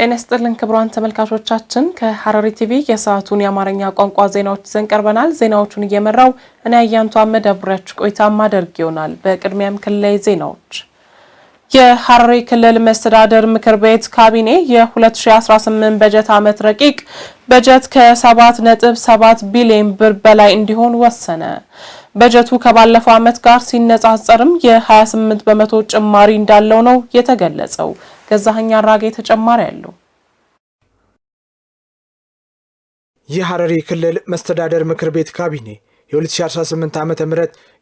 ጤና ይስጥልን ክቡራን ተመልካቾቻችን፣ ከሐረሪ ቲቪ የሰዓቱን የአማርኛ ቋንቋ ዜናዎች ይዘን ቀርበናል። ዜናዎቹን እየመራው እኔ አያንቱ አመድ አብሬያችሁ ቆይታ ማደርግ ይሆናል። በቅድሚያም ክልላዊ ዜናዎች። የሐረሪ ክልል መስተዳደር ምክር ቤት ካቢኔ የ2018 በጀት ዓመት ረቂቅ በጀት ከ7.7 ቢሊዮን ብር በላይ እንዲሆን ወሰነ። በጀቱ ከባለፈው ዓመት ጋር ሲነጻጸርም የ28 በመቶ ጭማሪ እንዳለው ነው የተገለጸው። ገዛኸኝ አራጌ ተጨማሪ አለው። የሐረሪ ክልል መስተዳደር ምክር ቤት ካቢኔ የ2018 ዓ ም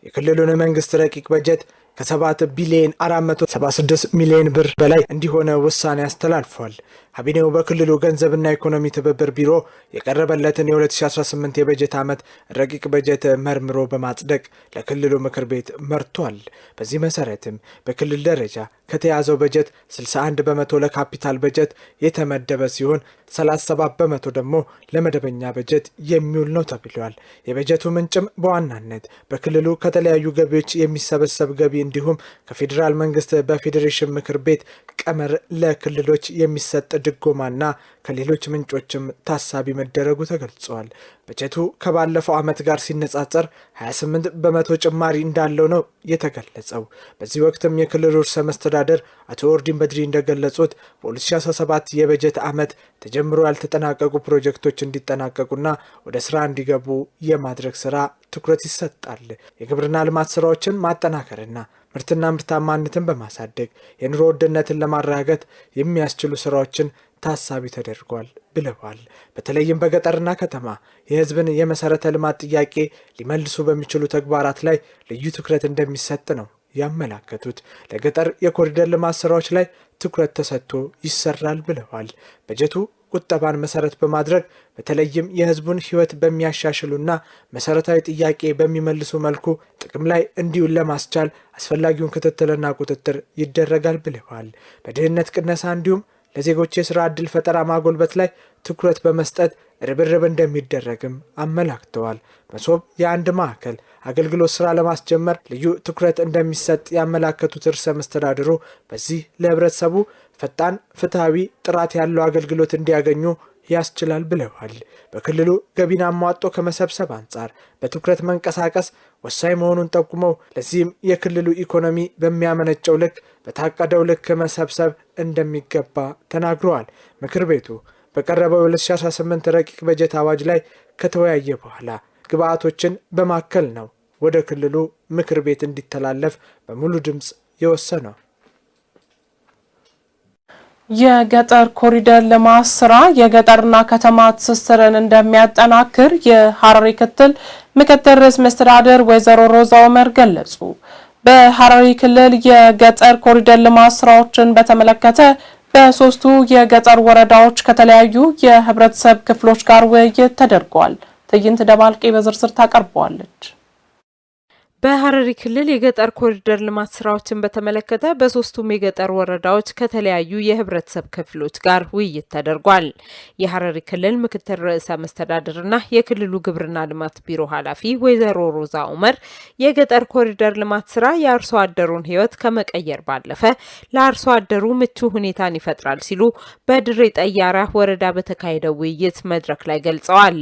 የክልሉን መንግስት ረቂቅ በጀት ከ7 ቢሊዮን 476 ሚሊዮን ብር በላይ እንዲሆነ ውሳኔ አስተላልፏል። ካቢኔው በክልሉ ገንዘብና ኢኮኖሚ ትብብር ቢሮ የቀረበለትን የ2018 የበጀት ዓመት ረቂቅ በጀት መርምሮ በማጽደቅ ለክልሉ ምክር ቤት መርቷል። በዚህ መሰረትም በክልል ደረጃ ከተያዘው በጀት 61 በመቶ ለካፒታል በጀት የተመደበ ሲሆን 37 በመቶ ደግሞ ለመደበኛ በጀት የሚውል ነው ተብሏል። የበጀቱ ምንጭም በዋናነት በክልሉ ከተለያዩ ገቢዎች የሚሰበሰብ ገቢ እንዲሁም ከፌዴራል መንግስት በፌዴሬሽን ምክር ቤት ቀመር ለክልሎች የሚሰጥ ከድጎማና ከሌሎች ምንጮችም ታሳቢ መደረጉ ተገልጿል። በጀቱ ከባለፈው ዓመት ጋር ሲነጻጸር 28 በመቶ ጭማሪ እንዳለው ነው የተገለጸው። በዚህ ወቅትም የክልሉ ርዕሰ መስተዳደር አቶ ኦርዲን በድሪ እንደገለጹት በ2017 የበጀት ዓመት ተጀምሮ ያልተጠናቀቁ ፕሮጀክቶች እንዲጠናቀቁና ወደ ስራ እንዲገቡ የማድረግ ስራ ትኩረት ይሰጣል። የግብርና ልማት ስራዎችን ማጠናከርና ምርትና ምርታማነትን በማሳደግ የኑሮ ውድነትን ለማረጋገጥ የሚያስችሉ ስራዎችን ታሳቢ ተደርጓል ብለዋል። በተለይም በገጠርና ከተማ የህዝብን የመሰረተ ልማት ጥያቄ ሊመልሱ በሚችሉ ተግባራት ላይ ልዩ ትኩረት እንደሚሰጥ ነው ያመላከቱት። ለገጠር የኮሪደር ልማት ስራዎች ላይ ትኩረት ተሰጥቶ ይሰራል ብለዋል። በጀቱ ቁጠባን መሰረት በማድረግ በተለይም የህዝቡን ህይወት በሚያሻሽሉና መሰረታዊ ጥያቄ በሚመልሱ መልኩ ጥቅም ላይ እንዲውል ለማስቻል አስፈላጊውን ክትትልና ቁጥጥር ይደረጋል ብለዋል። በድህነት ቅነሳ እንዲሁም ለዜጎች የሥራ ዕድል ፈጠራ ማጎልበት ላይ ትኩረት በመስጠት ርብርብ እንደሚደረግም አመላክተዋል። መሶብ የአንድ ማዕከል አገልግሎት ሥራ ለማስጀመር ልዩ ትኩረት እንደሚሰጥ ያመላከቱት እርሰ መስተዳድሩ በዚህ ለህብረተሰቡ ፈጣን፣ ፍትሐዊ፣ ጥራት ያለው አገልግሎት እንዲያገኙ ያስችላል ብለዋል። በክልሉ ገቢን አሟጦ ከመሰብሰብ አንጻር በትኩረት መንቀሳቀስ ወሳኝ መሆኑን ጠቁመው ለዚህም የክልሉ ኢኮኖሚ በሚያመነጨው ልክ በታቀደው ልክ መሰብሰብ እንደሚገባ ተናግረዋል። ምክር ቤቱ በቀረበው የ2018 ረቂቅ በጀት አዋጅ ላይ ከተወያየ በኋላ ግብአቶችን በማከል ነው ወደ ክልሉ ምክር ቤት እንዲተላለፍ በሙሉ ድምፅ የወሰነው። የገጠር ኮሪደር ልማት ስራ የገጠርና ከተማ ትስስርን እንደሚያጠናክር የሐረሪ ክትል ምክትል ርዕሰ መስተዳድር ወይዘሮ ሮዛ ኦመር ገለጹ። በሐረሪ ክልል የገጠር ኮሪደር ልማት ስራዎችን በተመለከተ በሶስቱ የገጠር ወረዳዎች ከተለያዩ የህብረተሰብ ክፍሎች ጋር ውይይት ተደርጓል። ትዕይንት ደባልቄ በዝርዝር ታቀርበዋለች። በሐረሪ ክልል የገጠር ኮሪደር ልማት ስራዎችን በተመለከተ በሶስቱም የገጠር ወረዳዎች ከተለያዩ የህብረተሰብ ክፍሎች ጋር ውይይት ተደርጓል። የሐረሪ ክልል ምክትል ርዕሰ መስተዳድርና የክልሉ ግብርና ልማት ቢሮ ኃላፊ ወይዘሮ ሮዛ ኡመር የገጠር ኮሪደር ልማት ስራ የአርሶ አደሩን ህይወት ከመቀየር ባለፈ ለአርሶ አደሩ ምቹ ሁኔታን ይፈጥራል ሲሉ በድሬ ጠያራ ወረዳ በተካሄደው ውይይት መድረክ ላይ ገልጸዋል።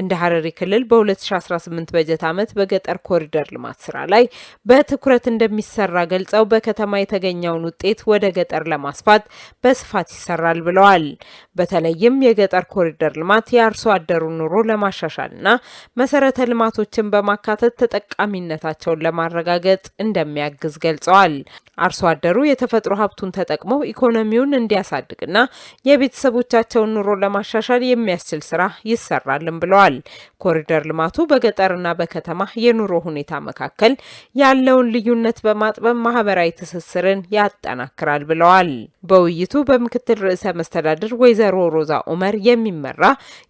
እንደ ሐረሪ ክልል በ2018 በጀት ዓመት በገጠር ኮሪደር ልማት ስራ ላይ በትኩረት እንደሚሰራ ገልጸው በከተማ የተገኘውን ውጤት ወደ ገጠር ለማስፋት በስፋት ይሰራል ብለዋል። በተለይም የገጠር ኮሪደር ልማት የአርሶ አደሩን ኑሮ ለማሻሻልና መሰረተ ልማቶችን በማካተት ተጠቃሚነታቸውን ለማረጋገጥ እንደሚያግዝ ገልጸዋል። አርሶ አደሩ የተፈጥሮ ሀብቱን ተጠቅመው ኢኮኖሚውን እንዲያሳድግና የቤተሰቦቻቸውን ኑሮ ለማሻሻል የሚያስችል ስራ ይሰራልም ብለዋል። ኮሪደር ልማቱ በገጠርና በከተማ የኑሮ ሁኔታ መካከል መካከል ያለውን ልዩነት በማጥበብ ማህበራዊ ትስስርን ያጠናክራል ብለዋል። በውይይቱ በምክትል ርዕሰ መስተዳድር ወይዘሮ ሮዛ ኡመር የሚመራ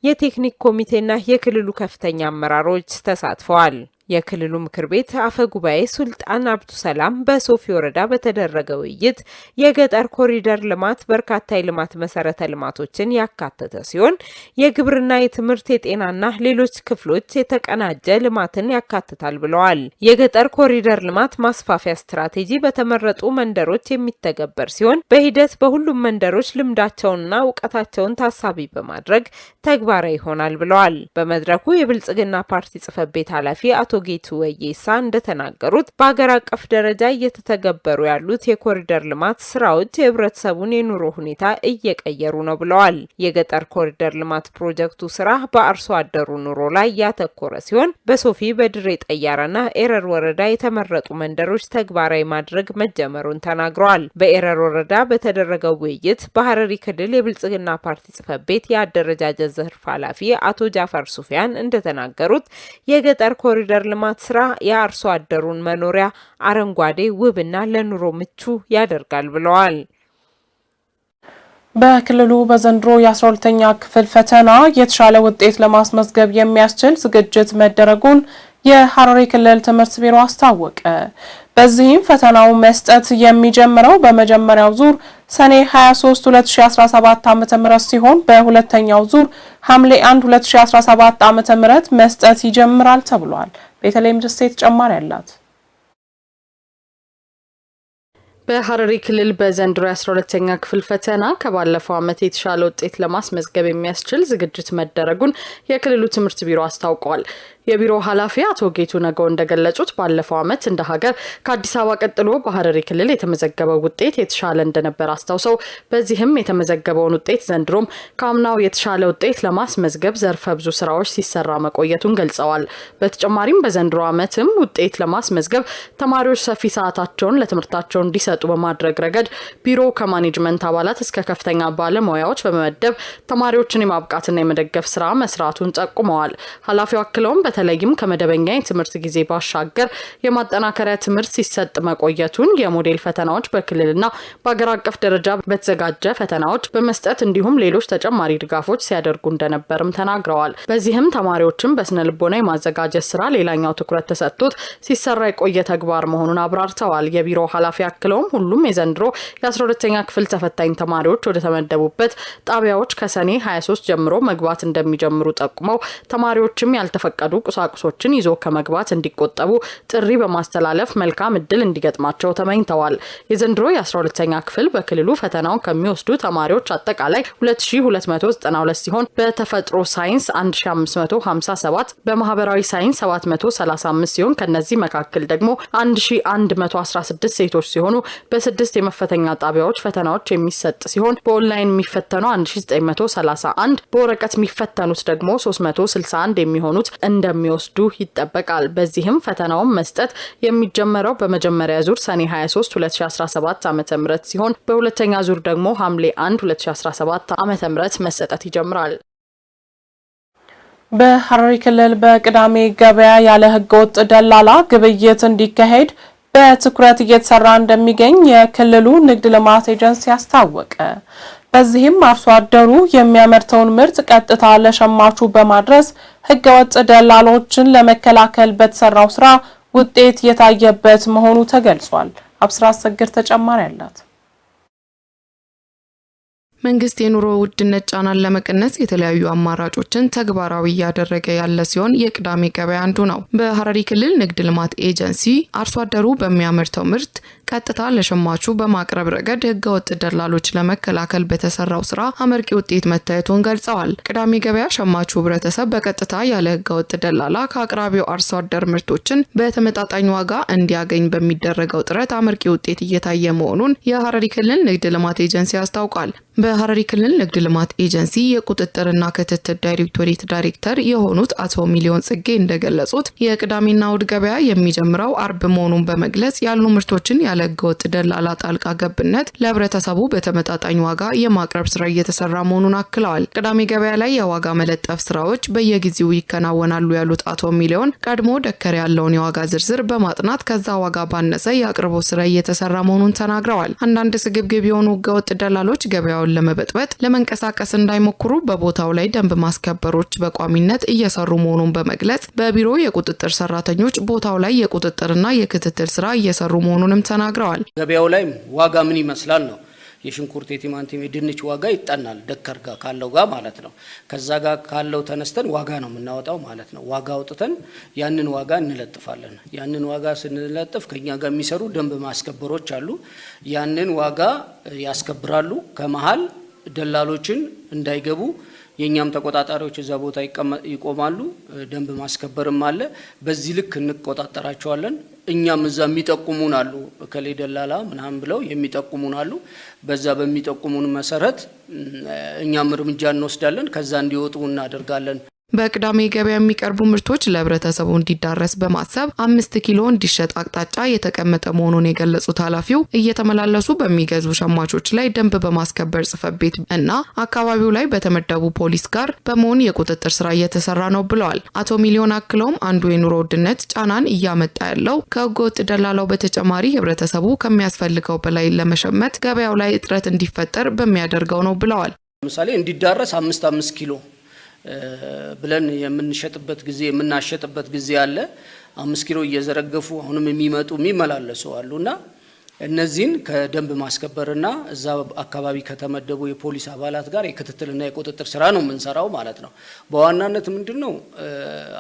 የቴክኒክ ኮሚቴና የክልሉ ከፍተኛ አመራሮች ተሳትፈዋል። የክልሉ ምክር ቤት አፈ ጉባኤ ሱልጣን ሰላም በሶፊ ወረዳ በተደረገ ውይይት የገጠር ኮሪደር ልማት በርካታ የልማት መሰረተ ልማቶችን ያካተተ ሲሆን የግብርና፣ የትምህርት፣ የጤናና ሌሎች ክፍሎች የተቀናጀ ልማትን ያካትታል ብለዋል። የገጠር ኮሪደር ልማት ማስፋፊያ ስትራቴጂ በተመረጡ መንደሮች የሚተገበር ሲሆን በሂደት በሁሉም መንደሮች ልምዳቸውንና እውቀታቸውን ታሳቢ በማድረግ ተግባራዊ ይሆናል ብለዋል። በመድረኩ የብልጽግና ፓርቲ ጽህፈት ቤት ኃላፊ አቶ አቶ ጌቱ ወየሳ እንደተናገሩት በሀገር አቀፍ ደረጃ እየተተገበሩ ያሉት የኮሪደር ልማት ስራዎች የህብረተሰቡን የኑሮ ሁኔታ እየቀየሩ ነው ብለዋል። የገጠር ኮሪደር ልማት ፕሮጀክቱ ስራ በአርሶ አደሩ ኑሮ ላይ ያተኮረ ሲሆን በሶፊ በድሬ ጠያራና ኤረር ወረዳ የተመረጡ መንደሮች ተግባራዊ ማድረግ መጀመሩን ተናግረዋል። በኤረር ወረዳ በተደረገው ውይይት በሀረሪ ክልል የብልጽግና ፓርቲ ጽህፈት ቤት የአደረጃጀት ዘርፍ ኃላፊ አቶ ጃፈር ሱፊያን እንደተናገሩት የገጠር ኮሪደር የኮሪደር ልማት ስራ የአርሶ አደሩን መኖሪያ አረንጓዴ ውብና ለኑሮ ምቹ ያደርጋል ብለዋል። በክልሉ በዘንድሮ የ12ተኛ ክፍል ፈተና የተሻለ ውጤት ለማስመዝገብ የሚያስችል ዝግጅት መደረጉን የሐረሪ ክልል ትምህርት ቢሮ አስታወቀ። በዚህም ፈተናው መስጠት የሚጀምረው በመጀመሪያው ዙር ሰኔ 23 2017 ም ሲሆን በሁለተኛው ዙር ሐምሌ 1 2017 ም መስጠት ይጀምራል ተብሏል። በተለይም ደሴ ተጨማሪ አላት። በሐረሪ ክልል በዘንድሮ የ12ተኛ ክፍል ፈተና ከባለፈው ዓመት የተሻለ ውጤት ለማስመዝገብ የሚያስችል ዝግጅት መደረጉን የክልሉ ትምህርት ቢሮ አስታውቋል። የቢሮ ኃላፊ አቶ ጌቱ ነገው እንደገለጹት ባለፈው ዓመት እንደ ሀገር ከአዲስ አበባ ቀጥሎ በሀረሪ ክልል የተመዘገበው ውጤት የተሻለ እንደነበር አስታውሰው በዚህም የተመዘገበውን ውጤት ዘንድሮም ከአምናው የተሻለ ውጤት ለማስመዝገብ ዘርፈ ብዙ ስራዎች ሲሰራ መቆየቱን ገልጸዋል። በተጨማሪም በዘንድሮ ዓመትም ውጤት ለማስመዝገብ ተማሪዎች ሰፊ ሰዓታቸውን ለትምህርታቸው እንዲሰጡ በማድረግ ረገድ ቢሮ ከማኔጅመንት አባላት እስከ ከፍተኛ ባለሙያዎች በመመደብ ተማሪዎችን የማብቃትና የመደገፍ ስራ መስራቱን ጠቁመዋል። ኃላፊው አክለውም በተለይም ከመደበኛ የትምህርት ጊዜ ባሻገር የማጠናከሪያ ትምህርት ሲሰጥ መቆየቱን የሞዴል ፈተናዎች በክልልና በአገር አቀፍ ደረጃ በተዘጋጀ ፈተናዎች በመስጠት እንዲሁም ሌሎች ተጨማሪ ድጋፎች ሲያደርጉ እንደነበርም ተናግረዋል። በዚህም ተማሪዎችን በስነ ልቦና የማዘጋጀት ስራ ሌላኛው ትኩረት ተሰጥቶት ሲሰራ የቆየ ተግባር መሆኑን አብራርተዋል። የቢሮው ኃላፊ አክለውም ሁሉም የዘንድሮ የ12ተኛ ክፍል ተፈታኝ ተማሪዎች ወደ ተመደቡበት ጣቢያዎች ከሰኔ 23 ጀምሮ መግባት እንደሚጀምሩ ጠቁመው ተማሪዎችም ያልተፈቀዱ ቁሳቁሶችን ይዞ ከመግባት እንዲቆጠቡ ጥሪ በማስተላለፍ መልካም እድል እንዲገጥማቸው ተመኝተዋል። የዘንድሮ የ12ተኛ ክፍል በክልሉ ፈተናውን ከሚወስዱ ተማሪዎች አጠቃላይ 2292 ሲሆን በተፈጥሮ ሳይንስ 1557፣ በማህበራዊ ሳይንስ 735 ሲሆን ከነዚህ መካከል ደግሞ 1116 ሴቶች ሲሆኑ በስድስት የመፈተኛ ጣቢያዎች ፈተናዎች የሚሰጥ ሲሆን በኦንላይን የሚፈተኑ 1931፣ በወረቀት የሚፈተኑት ደግሞ 361 የሚሆኑት እንደ እንደሚወስዱ ይጠበቃል። በዚህም ፈተናውን መስጠት የሚጀመረው በመጀመሪያ ዙር ሰኔ 23 2017 ዓ ም ሲሆን በሁለተኛ ዙር ደግሞ ሐምሌ 1 2017 ዓ ም መሰጠት ይጀምራል። በሐረሪ ክልል በቅዳሜ ገበያ ያለ ህገወጥ ደላላ ግብይት እንዲካሄድ በትኩረት እየተሰራ እንደሚገኝ የክልሉ ንግድ ልማት ኤጀንሲ አስታወቀ። በዚህም አርሶ አደሩ የሚያመርተውን ምርት ቀጥታ ለሸማቹ በማድረስ ህገወጥ ደላሎችን ለመከላከል በተሰራው ስራ ውጤት የታየበት መሆኑ ተገልጿል። አብስራ አሰግድ ተጨማሪ አላት። መንግስት የኑሮ ውድነት ጫናን ለመቀነስ የተለያዩ አማራጮችን ተግባራዊ እያደረገ ያለ ሲሆን የቅዳሜ ገበያ አንዱ ነው። በሐረሪ ክልል ንግድ ልማት ኤጀንሲ አርሶ አደሩ በሚያመርተው ምርት ቀጥታ ለሸማቹ በማቅረብ ረገድ ህገወጥ ደላሎች ለመከላከል በተሰራው ስራ አመርቂ ውጤት መታየቱን ገልጸዋል። ቅዳሜ ገበያ ሸማቹ ህብረተሰብ በቀጥታ ያለ ህገወጥ ደላላ ከአቅራቢው አርሶ አደር ምርቶችን በተመጣጣኝ ዋጋ እንዲያገኝ በሚደረገው ጥረት አመርቂ ውጤት እየታየ መሆኑን የሐረሪ ክልል ንግድ ልማት ኤጀንሲ አስታውቋል። በሐረሪ ክልል ንግድ ልማት ኤጀንሲ የቁጥጥርና ክትትል ዳይሬክቶሬት ዳይሬክተር የሆኑት አቶ ሚሊዮን ጽጌ እንደገለጹት የቅዳሜና እሁድ ገበያ የሚጀምረው አርብ መሆኑን በመግለጽ ያሉ ምርቶችን ያለ ህገወጥ ደላላ ጣልቃ ገብነት ለህብረተሰቡ በተመጣጣኝ ዋጋ የማቅረብ ስራ እየተሰራ መሆኑን አክለዋል። ቅዳሜ ገበያ ላይ የዋጋ መለጠፍ ስራዎች በየጊዜው ይከናወናሉ ያሉት አቶ ሚሊዮን ቀድሞ ደከር ያለውን የዋጋ ዝርዝር በማጥናት ከዛ ዋጋ ባነሰ የአቅርቦት ስራ እየተሰራ መሆኑን ተናግረዋል። አንዳንድ ስግብግብ የሆኑ ህገወጥ ደላሎች ገበያው ገበያውን ለመበጥበጥ ለመንቀሳቀስ እንዳይሞክሩ በቦታው ላይ ደንብ ማስከበሮች በቋሚነት እየሰሩ መሆኑን በመግለጽ በቢሮ የቁጥጥር ሰራተኞች ቦታው ላይ የቁጥጥርና የክትትል ስራ እየሰሩ መሆኑንም ተናግረዋል። ገበያው ላይ ዋጋ ምን ይመስላል ነው የሽንኩርት፣ የቲማንቲም፣ የድንች ዋጋ ይጠናል ደከር ጋር ካለው ጋር ማለት ነው። ከዛ ጋር ካለው ተነስተን ዋጋ ነው የምናወጣው ማለት ነው። ዋጋ አውጥተን ያንን ዋጋ እንለጥፋለን። ያንን ዋጋ ስንለጥፍ ከኛ ጋር የሚሰሩ ደንብ ማስከበሮች አሉ። ያንን ዋጋ ያስከብራሉ። ከመሀል ደላሎችን እንዳይገቡ የእኛም ተቆጣጣሪዎች እዛ ቦታ ይቆማሉ። ደንብ ማስከበርም አለ። በዚህ ልክ እንቆጣጠራቸዋለን። እኛም እዛ የሚጠቁሙን አሉ፣ እከሌ ደላላ ምናምን ብለው የሚጠቁሙን አሉ። በዛ በሚጠቁሙን መሰረት እኛም እርምጃ እንወስዳለን። ከዛ እንዲወጡ እናደርጋለን። በቅዳሜ ገበያ የሚቀርቡ ምርቶች ለህብረተሰቡ እንዲዳረስ በማሰብ አምስት ኪሎ እንዲሸጥ አቅጣጫ የተቀመጠ መሆኑን የገለጹት ኃላፊው እየተመላለሱ በሚገዙ ሸማቾች ላይ ደንብ በማስከበር ጽህፈት ቤት እና አካባቢው ላይ በተመደቡ ፖሊስ ጋር በመሆን የቁጥጥር ስራ እየተሰራ ነው ብለዋል። አቶ ሚሊዮን አክለውም አንዱ የኑሮ ውድነት ጫናን እያመጣ ያለው ከህገወጥ ደላላው በተጨማሪ ህብረተሰቡ ከሚያስፈልገው በላይ ለመሸመት ገበያው ላይ እጥረት እንዲፈጠር በሚያደርገው ነው ብለዋል። ለምሳሌ እንዲዳረስ አምስት አምስት ኪሎ ብለን የምንሸጥበት ጊዜ የምናሸጥበት ጊዜ አለ። አምስት ኪሎ እየዘረገፉ አሁንም የሚመጡ የሚመላለሱ አሉ እና እነዚህን ከደንብ ማስከበርና እዛ አካባቢ ከተመደቡ የፖሊስ አባላት ጋር የክትትልና የቁጥጥር ስራ ነው የምንሰራው ማለት ነው። በዋናነት ምንድን ነው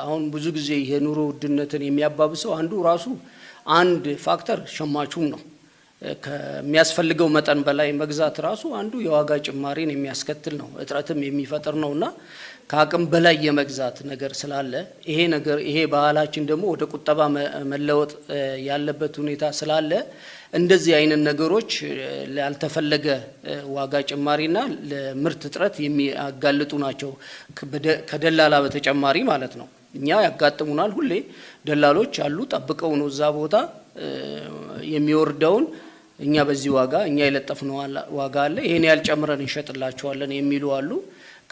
አሁን ብዙ ጊዜ የኑሮ ውድነትን የሚያባብሰው አንዱ ራሱ አንድ ፋክተር ሸማቹም ነው። ከሚያስፈልገው መጠን በላይ መግዛት ራሱ አንዱ የዋጋ ጭማሪን የሚያስከትል ነው፣ እጥረትም የሚፈጥር ነው እና ከአቅም በላይ የመግዛት ነገር ስላለ ይሄ ነገር ይሄ ባህላችን ደግሞ ወደ ቁጠባ መለወጥ ያለበት ሁኔታ ስላለ እንደዚህ አይነት ነገሮች ላልተፈለገ ዋጋ ጭማሪና ለምርት እጥረት የሚያጋልጡ ናቸው። ከደላላ በተጨማሪ ማለት ነው። እኛ ያጋጥሙናል። ሁሌ ደላሎች አሉ፣ ጠብቀው ነው እዛ ቦታ የሚወርደውን እኛ በዚህ ዋጋ እኛ የለጠፍነው ዋጋ አለ፣ ይሄን ያልጨምረን እንሸጥላቸዋለን የሚሉ አሉ።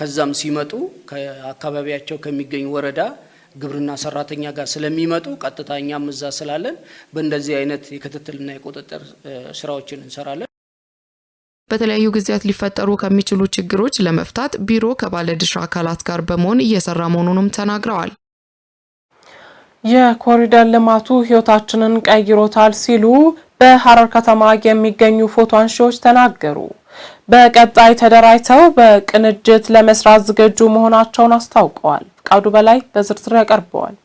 ከዛም ሲመጡ ከአካባቢያቸው ከሚገኝ ወረዳ ግብርና ሰራተኛ ጋር ስለሚመጡ ቀጥታ እኛም እዛ ስላለን በእንደዚህ አይነት የክትትልና የቁጥጥር ስራዎችን እንሰራለን። በተለያዩ ጊዜያት ሊፈጠሩ ከሚችሉ ችግሮች ለመፍታት ቢሮ ከባለድርሻ አካላት ጋር በመሆን እየሰራ መሆኑንም ተናግረዋል። የኮሪደር ልማቱ ህይወታችንን ቀይሮታል ሲሉ በሐረር ከተማ የሚገኙ ፎቶ አንሺዎች ተናገሩ። በቀጣይ ተደራጅተው በቅንጅት ለመስራት ዝግጁ መሆናቸውን አስታውቀዋል። ፍቃዱ በላይ በዝርዝር ያቀርበዋል።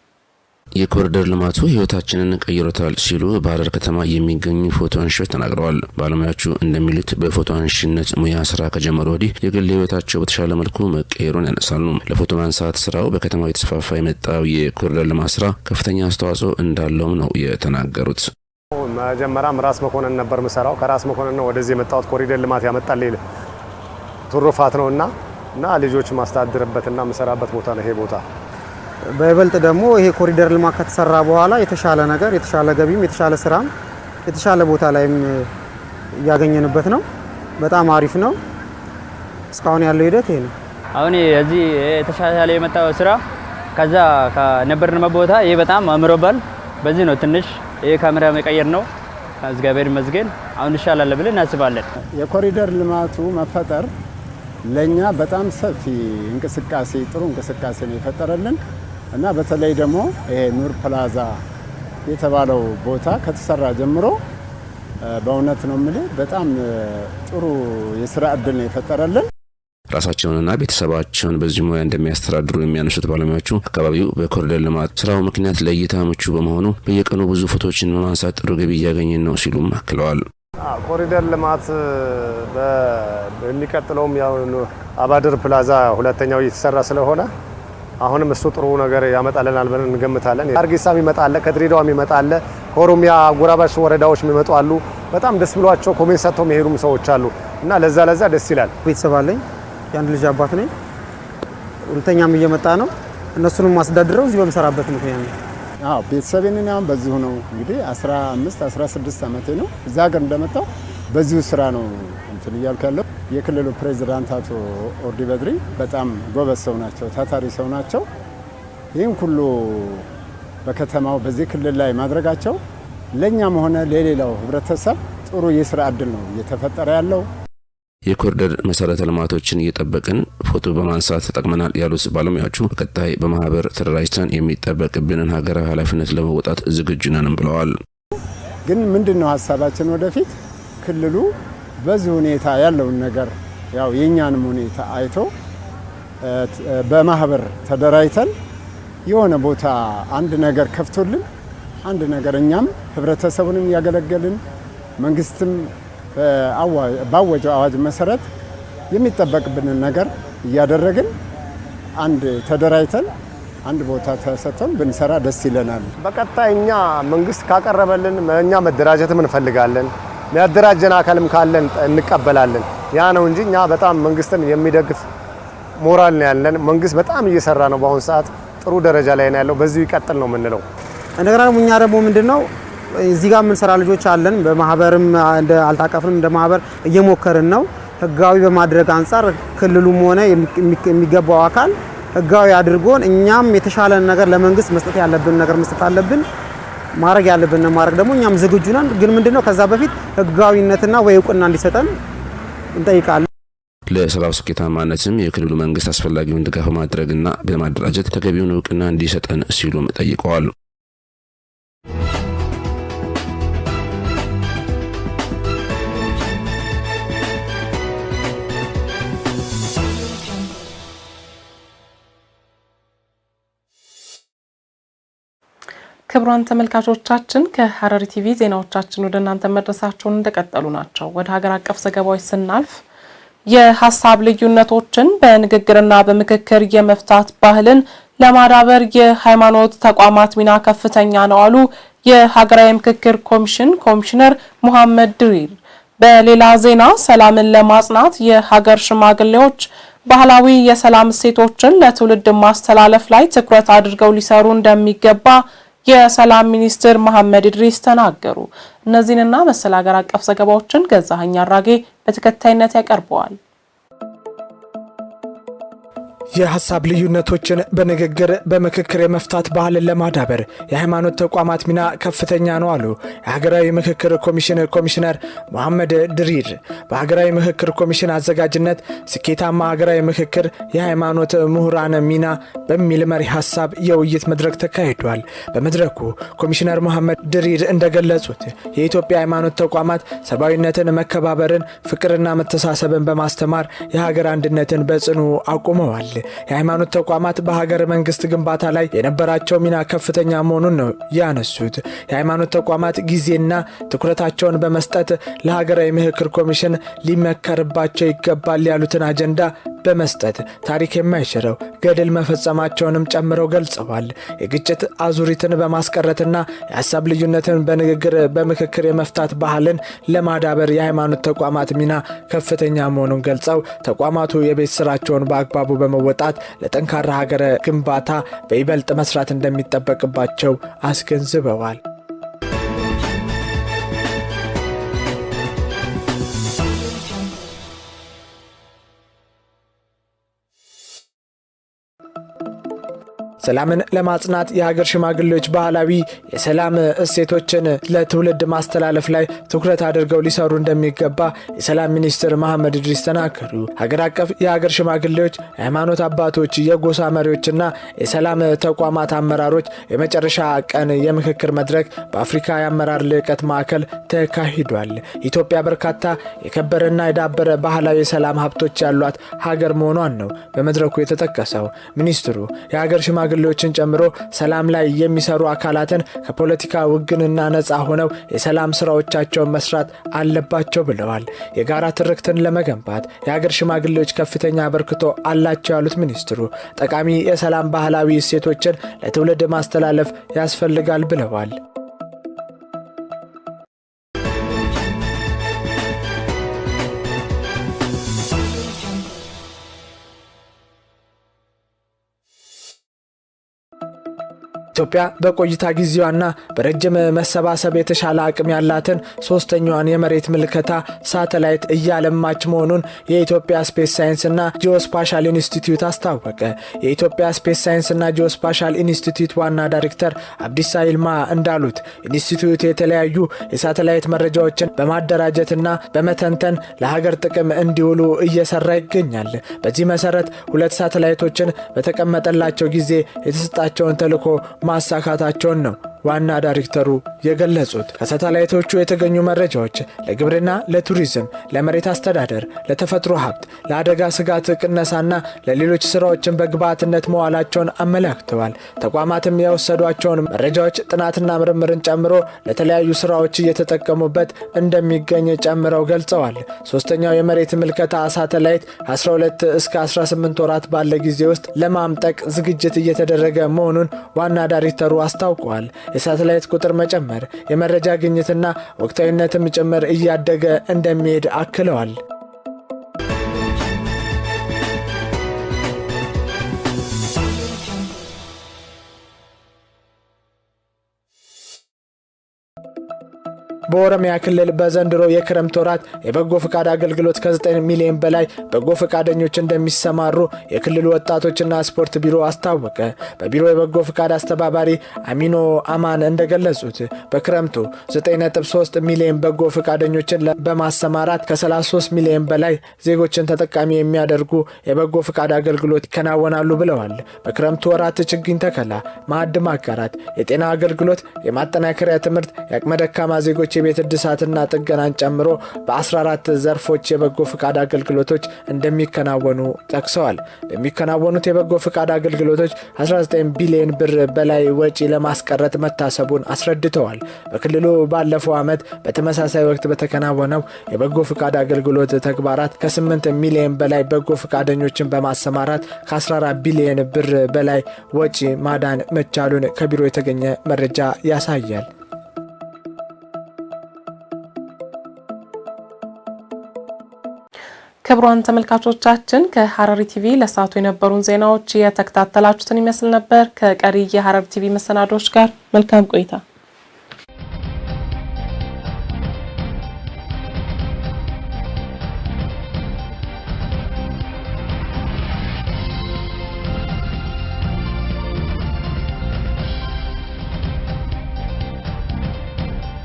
የኮሪደር ልማቱ ህይወታችንን ቀይሮታል ሲሉ ባህርዳር ከተማ የሚገኙ ፎቶ አንሺዎች ተናግረዋል። ባለሙያዎቹ እንደሚሉት በፎቶ አንሺነት ሙያ ስራ ከጀመሩ ወዲህ የግል ህይወታቸው በተሻለ መልኩ መቀየሩን ያነሳሉ። ለፎቶ ማንሳት ስራው በከተማው የተስፋፋ የመጣው የኮሪደር ልማት ስራ ከፍተኛ አስተዋጽኦ እንዳለውም ነው የተናገሩት። መጀመሪያም ራስ መኮንን ነበር ምሰራው። ከራስ መኮንን ነው ወደዚህ የመጣሁት። ኮሪደር ልማት ያመጣልኝ ትሩፋት ነውና እና ልጆች ማስተዳድርበትና ምሰራበት ቦታ ነው ይሄ ቦታ። በይበልጥ ደግሞ ይሄ ኮሪደር ልማት ከተሰራ በኋላ የተሻለ ነገር፣ የተሻለ ገቢም፣ የተሻለ ስራም፣ የተሻለ ቦታ ላይም እያገኘንበት ነው። በጣም አሪፍ ነው። እስካሁን ያለው ሂደት ይሄ ነው። አሁን እዚህ የተሻለ የመጣው ስራ ከዛ ከነበርንበት ቦታ ይሄ በጣም አምሮባል። በዚህ ነው ትንሽ ይህ ካሜራ መቀየር ነው። እግዚአብሔር ይመስገን አሁን ይሻላል ብለን እናስባለን። የኮሪደር ልማቱ መፈጠር ለእኛ በጣም ሰፊ እንቅስቃሴ ጥሩ እንቅስቃሴ ነው የፈጠረልን እና በተለይ ደግሞ ይሄ ኑር ፕላዛ የተባለው ቦታ ከተሰራ ጀምሮ በእውነት ነው የምልህ በጣም ጥሩ የስራ እድል ነው የፈጠረልን። ራሳቸውንና ቤተሰባቸውን በዚህ ሙያ እንደሚያስተዳድሩ የሚያነሱት ባለሙያዎቹ አካባቢው በኮሪደር ልማት ስራው ምክንያት ለእይታ ምቹ በመሆኑ በየቀኑ ብዙ ፎቶችን በማንሳት ጥሩ ገቢ እያገኘን ነው ሲሉም አክለዋል። ኮሪደር ልማት በሚቀጥለውም አባድር ፕላዛ ሁለተኛው እየተሰራ ስለሆነ አሁንም እሱ ጥሩ ነገር ያመጣልናል ብለን እንገምታለን። አርጌሳ የሚመጣለ አለ፣ ከድሬዳዋ የሚመጣ ከኦሮሚያ አጎራባሽ ወረዳዎች የሚመጡ አሉ። በጣም ደስ ብሏቸው ኮሜንት ሰጥተው የሚሄዱም ሰዎች አሉ እና ለዛ ለዛ ደስ ይላል። ቤተሰብ አለኝ የአንድ ልጅ አባት ነኝ። ሁለተኛም እየመጣ ነው። እነሱንም ማስተዳድረው እዚህ በምሰራበት ምክንያት ነው። አዎ ቤተሰቤን አሁን በዚሁ ነው እንግዲህ 15 16 ዓመቴ ነው። እዛ ሀገር እንደመጣው በዚሁ ስራ ነው እንትን እያልኩ ያለው። የክልሉ ፕሬዚዳንት አቶ ኦርዲ በድሪ በጣም ጎበዝ ሰው ናቸው፣ ታታሪ ሰው ናቸው። ይህን ሁሉ በከተማው በዚህ ክልል ላይ ማድረጋቸው ለእኛም ሆነ ለሌላው ህብረተሰብ ጥሩ የስራ እድል ነው እየተፈጠረ ያለው። የኮሪደር መሰረተ ልማቶችን እየጠበቅን ፎቶ በማንሳት ተጠቅመናል ያሉት ባለሙያዎቹ በቀጣይ በማህበር ተደራጅተን የሚጠበቅብንን ሀገራዊ ኃላፊነት ለመወጣት ዝግጁ ነንም ብለዋል። ግን ምንድን ነው ሀሳባችን ወደፊት ክልሉ በዚህ ሁኔታ ያለውን ነገር ያው የእኛንም ሁኔታ አይቶ በማህበር ተደራጅተን የሆነ ቦታ አንድ ነገር ከፍቶልን አንድ ነገር እኛም ህብረተሰቡንም እያገለገልን መንግስትም ባወጀው አዋጅ መሰረት የሚጠበቅብንን ነገር እያደረግን አንድ ተደራጅተን አንድ ቦታ ተሰጥቶን ብንሰራ ደስ ይለናል። በቀጣይ እኛ መንግስት ካቀረበልን እኛ መደራጀትም እንፈልጋለን። የሚያደራጀን አካልም ካለን እንቀበላለን። ያ ነው እንጂ እኛ በጣም መንግስትን የሚደግፍ ሞራል ነው ያለን። መንግስት በጣም እየሰራ ነው። በአሁኑ ሰዓት ጥሩ ደረጃ ላይ ነው ያለው። በዚሁ ይቀጥል ነው የምንለው። እንደገና እኛ ደግሞ ምንድን ነው እዚህ ጋር የምንሰራ ልጆች አለን። በማህበርም አልታቀፍንም እንደ ማህበር እየሞከርን ነው። ህጋዊ በማድረግ አንጻር ክልሉም ሆነ የሚገባው አካል ህጋዊ አድርጎን እኛም የተሻለን ነገር ለመንግስት መስጠት ያለብን ነገር መስጠት አለብን። ማድረግ ያለብን ማድረግ ደግሞ እኛም ዝግጁ ነን። ግን ምንድነው ከዛ በፊት ህጋዊነትና ወይ እውቅና እንዲሰጠን እንጠይቃለን። ለስራው ስኬታማነትም የክልሉ መንግስት አስፈላጊውን ድጋፍ በማድረግና በማደራጀት ተገቢውን እውቅና እንዲሰጠን ሲሉም ጠይቀዋል። ክቡራን ተመልካቾቻችን ከሐረሪ ቲቪ ዜናዎቻችን ወደ እናንተ መድረሳቸውን እንደቀጠሉ ናቸው። ወደ ሀገር አቀፍ ዘገባዎች ስናልፍ የሀሳብ ልዩነቶችን በንግግርና በምክክር የመፍታት ባህልን ለማዳበር የሃይማኖት ተቋማት ሚና ከፍተኛ ነው አሉ የሀገራዊ ምክክር ኮሚሽን ኮሚሽነር ሙሐመድ ድሪር። በሌላ ዜና ሰላምን ለማጽናት የሀገር ሽማግሌዎች ባህላዊ የሰላም እሴቶችን ለትውልድ ማስተላለፍ ላይ ትኩረት አድርገው ሊሰሩ እንደሚገባ የሰላም ሚኒስትር መሐመድ ኢድሪስ ተናገሩ። እነዚህንና መሰል ሀገር አቀፍ ዘገባዎችን ገዛኸኝ አራጌ በተከታይነት ያቀርበዋል። የሀሳብ ልዩነቶችን በንግግር በምክክር የመፍታት ባህልን ለማዳበር የሃይማኖት ተቋማት ሚና ከፍተኛ ነው አሉ የሀገራዊ ምክክር ኮሚሽን ኮሚሽነር መሐመድ ድሪር። በሀገራዊ ምክክር ኮሚሽን አዘጋጅነት ስኬታማ ሀገራዊ ምክክር የሃይማኖት ምሁራን ሚና በሚል መሪ ሀሳብ የውይይት መድረክ ተካሂዷል። በመድረኩ ኮሚሽነር መሐመድ ድሪር እንደገለጹት የኢትዮጵያ ሃይማኖት ተቋማት ሰብአዊነትን፣ መከባበርን፣ ፍቅርና መተሳሰብን በማስተማር የሀገር አንድነትን በጽኑ አቁመዋል። የሃይማኖት ተቋማት በሀገር መንግስት ግንባታ ላይ የነበራቸው ሚና ከፍተኛ መሆኑን ነው ያነሱት። የሃይማኖት ተቋማት ጊዜና ትኩረታቸውን በመስጠት ለሀገራዊ ምክክር ኮሚሽን ሊመከርባቸው ይገባል ያሉትን አጀንዳ በመስጠት ታሪክ የማይሽረው ገድል መፈጸማቸውንም ጨምረው ገልጸዋል። የግጭት አዙሪትን በማስቀረትና የሀሳብ ልዩነትን በንግግር በምክክር የመፍታት ባህልን ለማዳበር የሃይማኖት ተቋማት ሚና ከፍተኛ መሆኑን ገልጸው ተቋማቱ የቤት ስራቸውን በአግባቡ በመወጣት ለጠንካራ ሀገረ ግንባታ በይበልጥ መስራት እንደሚጠበቅባቸው አስገንዝበዋል። ሰላምን ለማጽናት የሀገር ሽማግሌዎች ባህላዊ የሰላም እሴቶችን ለትውልድ ማስተላለፍ ላይ ትኩረት አድርገው ሊሰሩ እንደሚገባ የሰላም ሚኒስትር መሐመድ እድሪስ ተናገሩ። ሀገር አቀፍ የሀገር ሽማግሌዎች፣ የሃይማኖት አባቶች፣ የጎሳ መሪዎችና የሰላም ተቋማት አመራሮች የመጨረሻ ቀን የምክክር መድረክ በአፍሪካ የአመራር ልዕቀት ማዕከል ተካሂዷል። ኢትዮጵያ በርካታ የከበረና የዳበረ ባህላዊ የሰላም ሀብቶች ያሏት ሀገር መሆኗን ነው በመድረኩ የተጠቀሰው። ሚኒስትሩ የሀገር ሽማግሌ ሽማግሌዎችን ጨምሮ ሰላም ላይ የሚሰሩ አካላትን ከፖለቲካ ውግንና ነጻ ሆነው የሰላም ስራዎቻቸውን መስራት አለባቸው ብለዋል። የጋራ ትርክትን ለመገንባት የሀገር ሽማግሌዎች ከፍተኛ አበርክቶ አላቸው ያሉት ሚኒስትሩ ጠቃሚ የሰላም ባህላዊ እሴቶችን ለትውልድ ማስተላለፍ ያስፈልጋል ብለዋል። ኢትዮጵያ በቆይታ ጊዜዋና በረጅም መሰባሰብ የተሻለ አቅም ያላትን ሶስተኛዋን የመሬት ምልከታ ሳተላይት እያለማች መሆኑን የኢትዮጵያ ስፔስ ሳይንስና ጂኦስፓሻል ኢንስቲትዩት አስታወቀ። የኢትዮጵያ ስፔስ ሳይንስና ጂኦስፓሻል ኢንስቲትዩት ዋና ዳይሬክተር አብዲሳ ይልማ እንዳሉት ኢንስቲትዩት የተለያዩ የሳተላይት መረጃዎችን በማደራጀትና በመተንተን ለሀገር ጥቅም እንዲውሉ እየሰራ ይገኛል። በዚህ መሰረት ሁለት ሳተላይቶችን በተቀመጠላቸው ጊዜ የተሰጣቸውን ተልዕኮ ማሳካታቸውን ነው ዋና ዳይሬክተሩ የገለጹት። ከሳተላይቶቹ የተገኙ መረጃዎች ለግብርና፣ ለቱሪዝም፣ ለመሬት አስተዳደር፣ ለተፈጥሮ ሀብት፣ ለአደጋ ስጋት ቅነሳና ለሌሎች ስራዎችን በግብዓትነት መዋላቸውን አመላክተዋል። ተቋማትም የወሰዷቸውን መረጃዎች ጥናትና ምርምርን ጨምሮ ለተለያዩ ስራዎች እየተጠቀሙበት እንደሚገኝ ጨምረው ገልጸዋል። ሶስተኛው የመሬት ምልከታ ሳተላይት 12 እስከ 18 ወራት ባለ ጊዜ ውስጥ ለማምጠቅ ዝግጅት እየተደረገ መሆኑን ዋና ዳይሬክተሩ አስታውቀዋል። የሳተላይት ቁጥር መጨመር የመረጃ ግኝትና ወቅታዊነትም ጭምር እያደገ እንደሚሄድ አክለዋል። በኦሮሚያ ክልል በዘንድሮ የክረምት ወራት የበጎ ፍቃድ አገልግሎት ከ9 ሚሊዮን በላይ በጎ ፈቃደኞች እንደሚሰማሩ የክልሉ ወጣቶችና ስፖርት ቢሮ አስታወቀ። በቢሮ የበጎ ፍቃድ አስተባባሪ አሚኖ አማን እንደገለጹት በክረምቱ 9.3 ሚሊዮን በጎ ፈቃደኞችን በማሰማራት ከ33 ሚሊዮን በላይ ዜጎችን ተጠቃሚ የሚያደርጉ የበጎ ፍቃድ አገልግሎት ይከናወናሉ ብለዋል። በክረምቱ ወራት ችግኝ ተከላ፣ ማዕድ ማጋራት፣ የጤና አገልግሎት፣ የማጠናከሪያ ትምህርት፣ የአቅመ ደካማ ዜጎች ቤት እድሳትና ጥገናን ጨምሮ በ14 ዘርፎች የበጎ ፍቃድ አገልግሎቶች እንደሚከናወኑ ጠቅሰዋል። በሚከናወኑት የበጎ ፍቃድ አገልግሎቶች 19 ቢሊዮን ብር በላይ ወጪ ለማስቀረት መታሰቡን አስረድተዋል። በክልሉ ባለፈው ዓመት በተመሳሳይ ወቅት በተከናወነው የበጎ ፍቃድ አገልግሎት ተግባራት ከ8 ሚሊዮን በላይ በጎ ፍቃደኞችን በማሰማራት ከ14 ቢሊዮን ብር በላይ ወጪ ማዳን መቻሉን ከቢሮ የተገኘ መረጃ ያሳያል። ክቡራን ተመልካቾቻችን ከሐረሪ ቲቪ ለሰዓቱ የነበሩን ዜናዎች የተከታተላችሁትን ይመስል ነበር። ከቀሪ የሐረሪ ቲቪ መሰናዶች ጋር መልካም ቆይታ